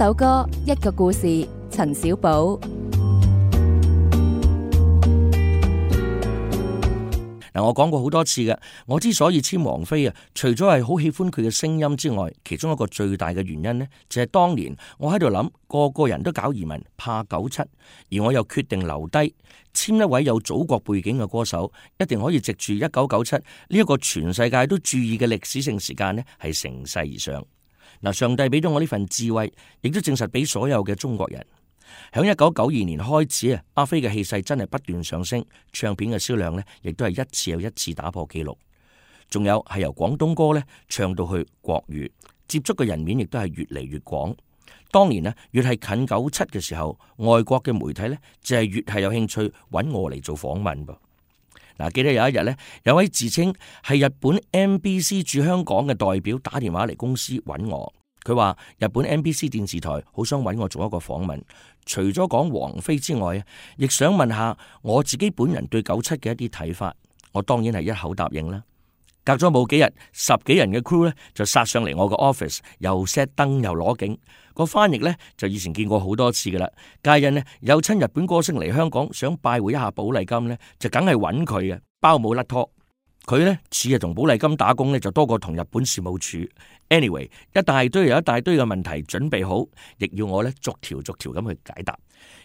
首歌一個故事，陳少寶。嗱，我講過好多次嘅，我之所以簽王菲啊，除咗係好喜歡佢嘅聲音之外，其中一個最大嘅原因呢，就係當年我喺度諗，個個人都搞移民，怕九七，而我又決定留低簽一位有祖國背景嘅歌手，一定可以藉住一九九七呢一個全世界都注意嘅歷史性時間呢，係乘勢而上。嗱，上帝俾咗我呢份智慧，亦都證實俾所有嘅中國人。響一九九二年開始啊，阿菲嘅氣勢真係不斷上升，唱片嘅銷量呢亦都係一次又一次打破紀錄。仲有係由廣東歌呢唱到去國語，接觸嘅人面亦都係越嚟越廣。當然啦，越係近九七嘅時候，外國嘅媒體呢就係越係有興趣揾我嚟做訪問。嗱，記得有一日咧，有位自稱係日本 MBC 駐香港嘅代表打電話嚟公司揾我，佢話日本 MBC 電視台好想揾我做一個訪問，除咗講王菲之外，亦想問下我自己本人對九七嘅一啲睇法，我當然係一口答應啦。隔咗冇幾日，十幾人嘅 crew 呢就殺上嚟我個 office，又 set 燈又攞景。個翻譯呢就以前見過好多次噶啦。皆因呢，有親日本歌星嚟香港，想拜會一下寶麗金呢，就梗係揾佢啊，包冇甩拖。佢呢，似日同寶麗金打工呢，就多過同日本事務處。anyway，一大堆又一大堆嘅問題準備好，亦要我呢逐條逐條咁去解答。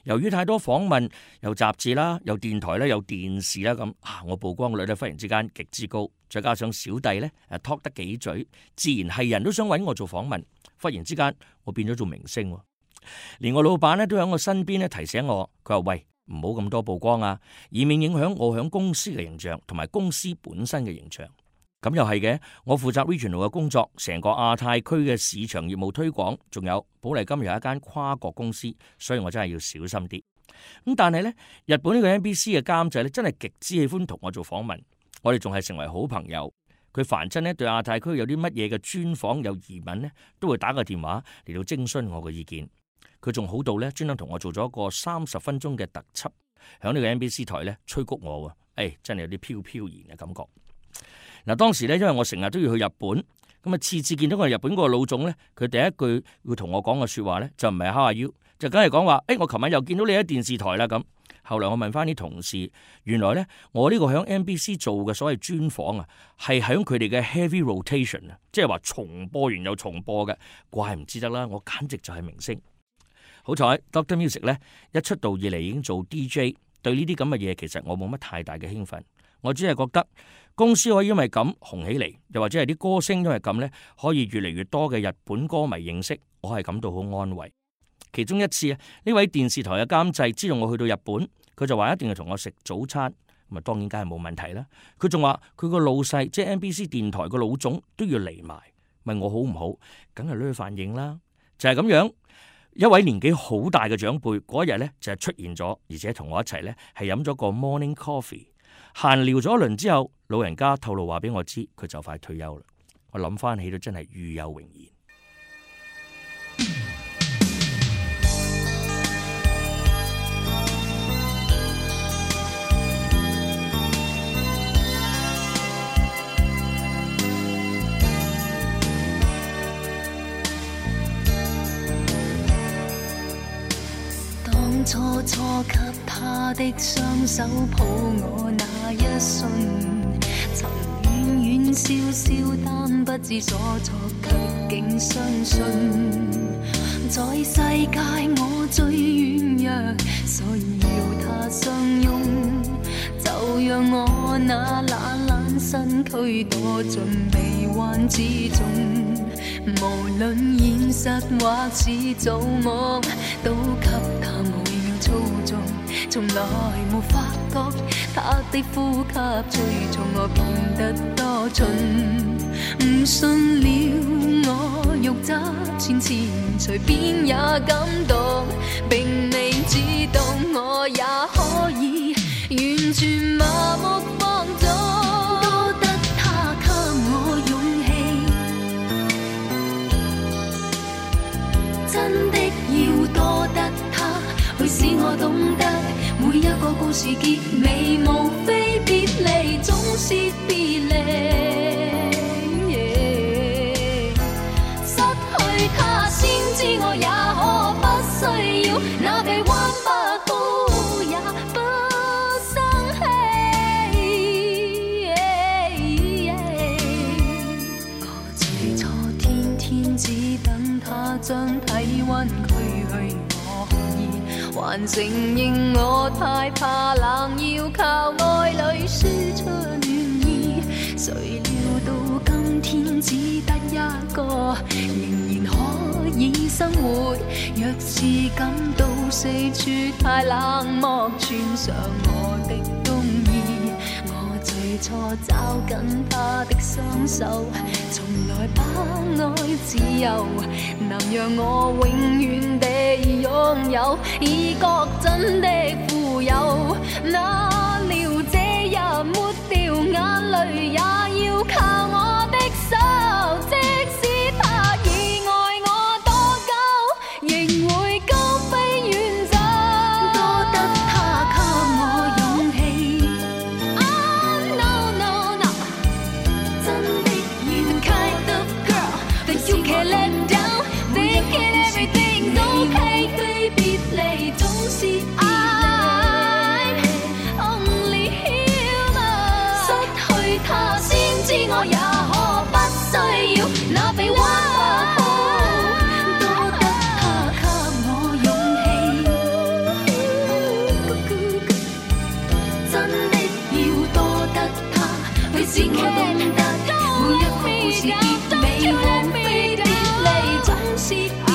由於太多訪問，有雜誌啦，有電台啦，有電視啦，咁啊，我曝光率呢，忽然之間極之高。再加上小弟咧，誒，talk 得幾嘴，自然係人都想搵我做訪問。忽然之間，我變咗做明星，連我老闆咧都喺我身邊咧提醒我，佢話喂，唔好咁多曝光啊，以免影響我響公司嘅形象同埋公司本身嘅形象。咁又係嘅，我負責 regional 嘅工作，成個亞太區嘅市場業務推廣，仲有寶麗金有一間跨國公司，所以我真係要小心啲。咁、嗯、但係咧，日本個呢個 NBC 嘅監製咧，真係極之喜歡同我做訪問。我哋仲係成為好朋友，佢凡真咧對亞太區有啲乜嘢嘅專訪有疑問咧，都會打個電話嚟到徵詢我嘅意見。佢仲好到咧，專登同我做咗一個三十分鐘嘅特輯，響呢個 NBC 台咧吹谷我，誒、哎、真係有啲飄飄然嘅感覺。嗱、啊，當時咧，因為我成日都要去日本，咁啊，次次見到個日本個老總呢，佢第一句要同我講嘅說話呢，就唔係 How are you，就梗係講話，誒，我琴晚又見到你喺電視台啦咁。後來我問翻啲同事，原來呢，我呢個喺 NBC 做嘅所謂專訪啊，係喺佢哋嘅 heavy rotation 啊，即係話重播完又重播嘅，怪唔知得啦，我簡直就係明星。好彩 Doctor Music 呢，一出道以嚟已經做 DJ，對呢啲咁嘅嘢其實我冇乜太大嘅興奮，我只係覺得公司可以因為咁紅起嚟，又或者係啲歌星因為咁呢，可以越嚟越多嘅日本歌迷認識，我係感到好安慰。其中一次啊，呢位電視台嘅監製知道我去到日本，佢就話一定要同我食早餐，咁啊當然梗係冇問題啦。佢仲話佢個老細，即係 NBC 電台個老總都要嚟埋，問我好唔好，梗係呢個反應啦。就係咁樣，一位年紀好大嘅長輩嗰日呢就係出現咗，而且同我一齊呢係飲咗個 morning coffee，閒聊咗一輪之後，老人家透露話俾我知佢就快退休啦。我諗翻起都真係與有榮焉。的雙手抱我那一瞬，曾遠遠笑笑，但不知所措，卻竟相信，在世界我最軟弱，所以要他相擁，就讓我那懶懶身軀躲進臂彎之中，無論現實或是造夢都給他。從來沒發覺他的呼吸催促我變得多蠢，唔信了我肉質纖纖，隨便也感動，並未知道我也。是結尾，無非別離，baby, may, 總是別離。還承認我太怕冷，要靠愛侶輸出暖意。誰料到今天只得一個，仍然可以生活。若是感到四處太冷漠，穿上我的。錯抓緊他的雙手，從來不愛自由，能讓我永遠地擁有，已覺真的富有。哪料這日抹掉眼淚，也要靠我。要多得他比我懂得每一個故事結尾，無非別離總是。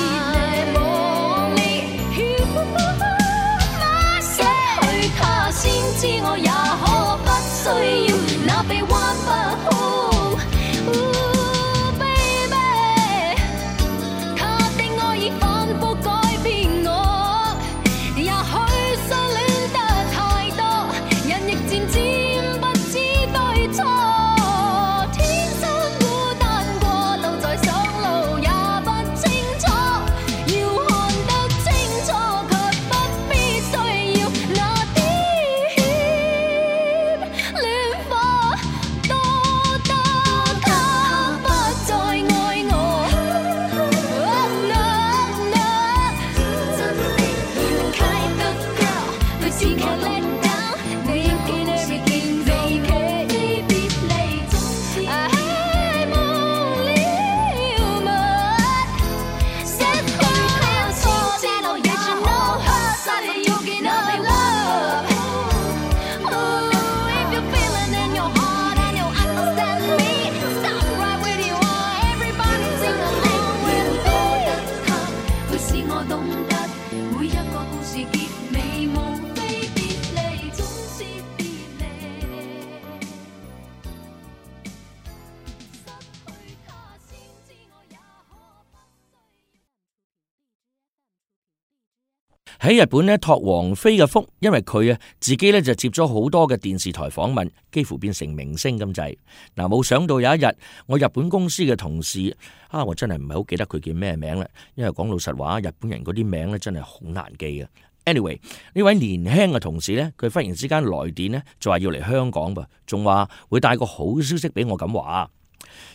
喺日本咧託王菲嘅福，因為佢啊自己咧就接咗好多嘅電視台訪問，幾乎變成明星咁滯。嗱，冇想到有一日，我日本公司嘅同事啊，我真係唔係好記得佢叫咩名啦。因為講老實話，日本人嗰啲名咧真係好難記啊。Anyway，呢位年輕嘅同事呢，佢忽然之間來電咧，就話要嚟香港噃，仲話會帶個好消息俾我咁話。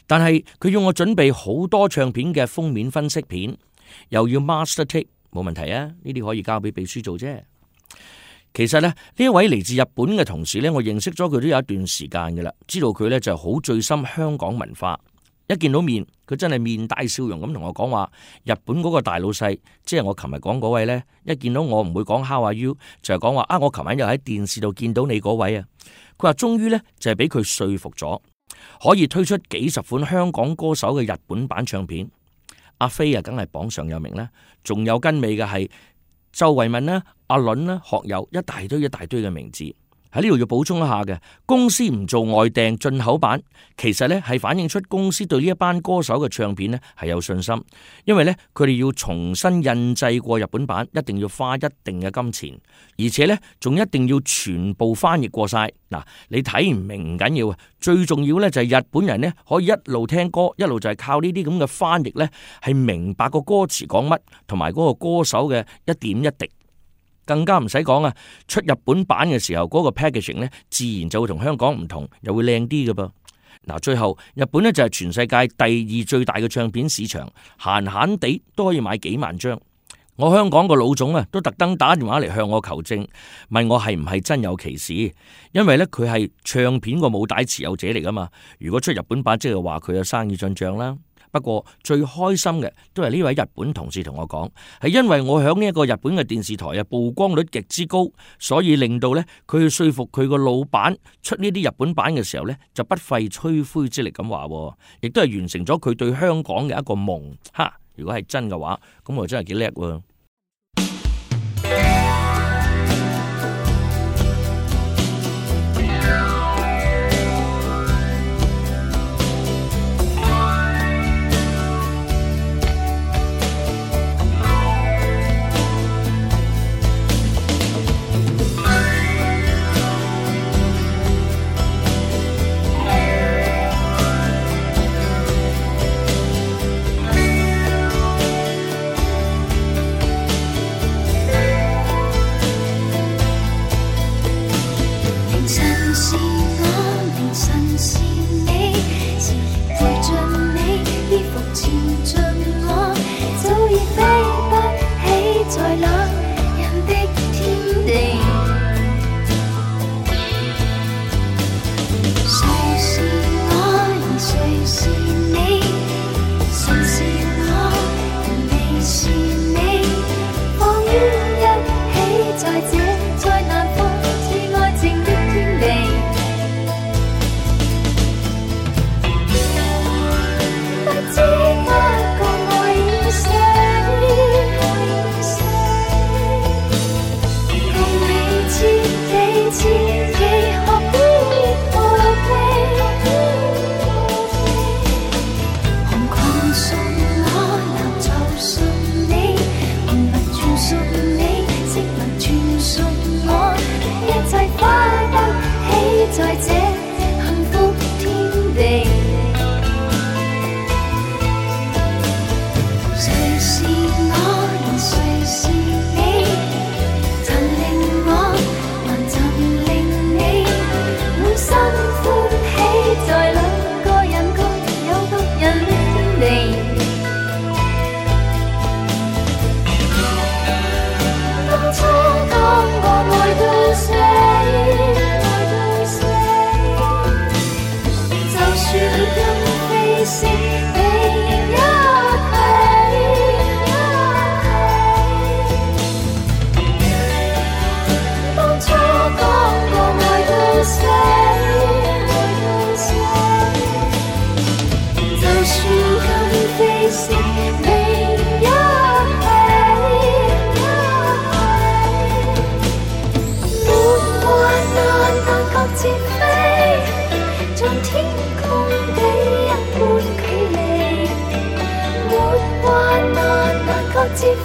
但係佢要我準備好多唱片嘅封面分析片，又要 master tape 冇問題啊，呢啲可以交俾秘書做啫。其實呢，呢一位嚟自日本嘅同事呢，我認識咗佢都有一段時間噶啦，知道佢呢就係好醉心香港文化。一見到面，佢真係面帶笑容咁同我講話。日本嗰個大老細，即係我琴日講嗰位呢，一見到我唔會講 How are you，就係講話啊！我琴晚又喺電視度見到你嗰位啊。佢話終於呢，就係俾佢說服咗，可以推出幾十款香港歌手嘅日本版唱片。阿飛啊，梗係榜上有名啦，仲有跟尾嘅係周慧敏啦、阿倫啦、學友，一大堆一大堆嘅名字。喺呢度要補充一下嘅，公司唔做外訂進口版，其實呢係反映出公司對呢一班歌手嘅唱片呢係有信心，因為呢，佢哋要重新印製過日本版，一定要花一定嘅金錢，而且呢，仲一定要全部翻譯過晒。嗱，你睇唔明唔緊要啊，最重要呢就係日本人呢可以一路聽歌，一路就係靠呢啲咁嘅翻譯呢，係明白個歌詞講乜，同埋嗰個歌手嘅一點一滴。更加唔使講啊！出日本版嘅時候，嗰個 packaging 咧，自然就會同香港唔同，又會靚啲嘅噃。嗱，最後日本呢，就係全世界第二最大嘅唱片市場，閒閒地都可以買幾萬張。我香港個老總啊，都特登打電話嚟向我求證，問我係唔係真有其事，因為呢，佢係唱片個母帶持有者嚟噶嘛。如果出日本版，即係話佢有生意進帳啦。不過最開心嘅都係呢位日本同事同我講，係因為我響呢一個日本嘅電視台嘅曝光率極之高，所以令到呢，佢去說服佢個老闆出呢啲日本版嘅時候呢，就不費吹灰之力咁話，亦都係完成咗佢對香港嘅一個夢。吓，如果係真嘅話，咁我真係幾叻。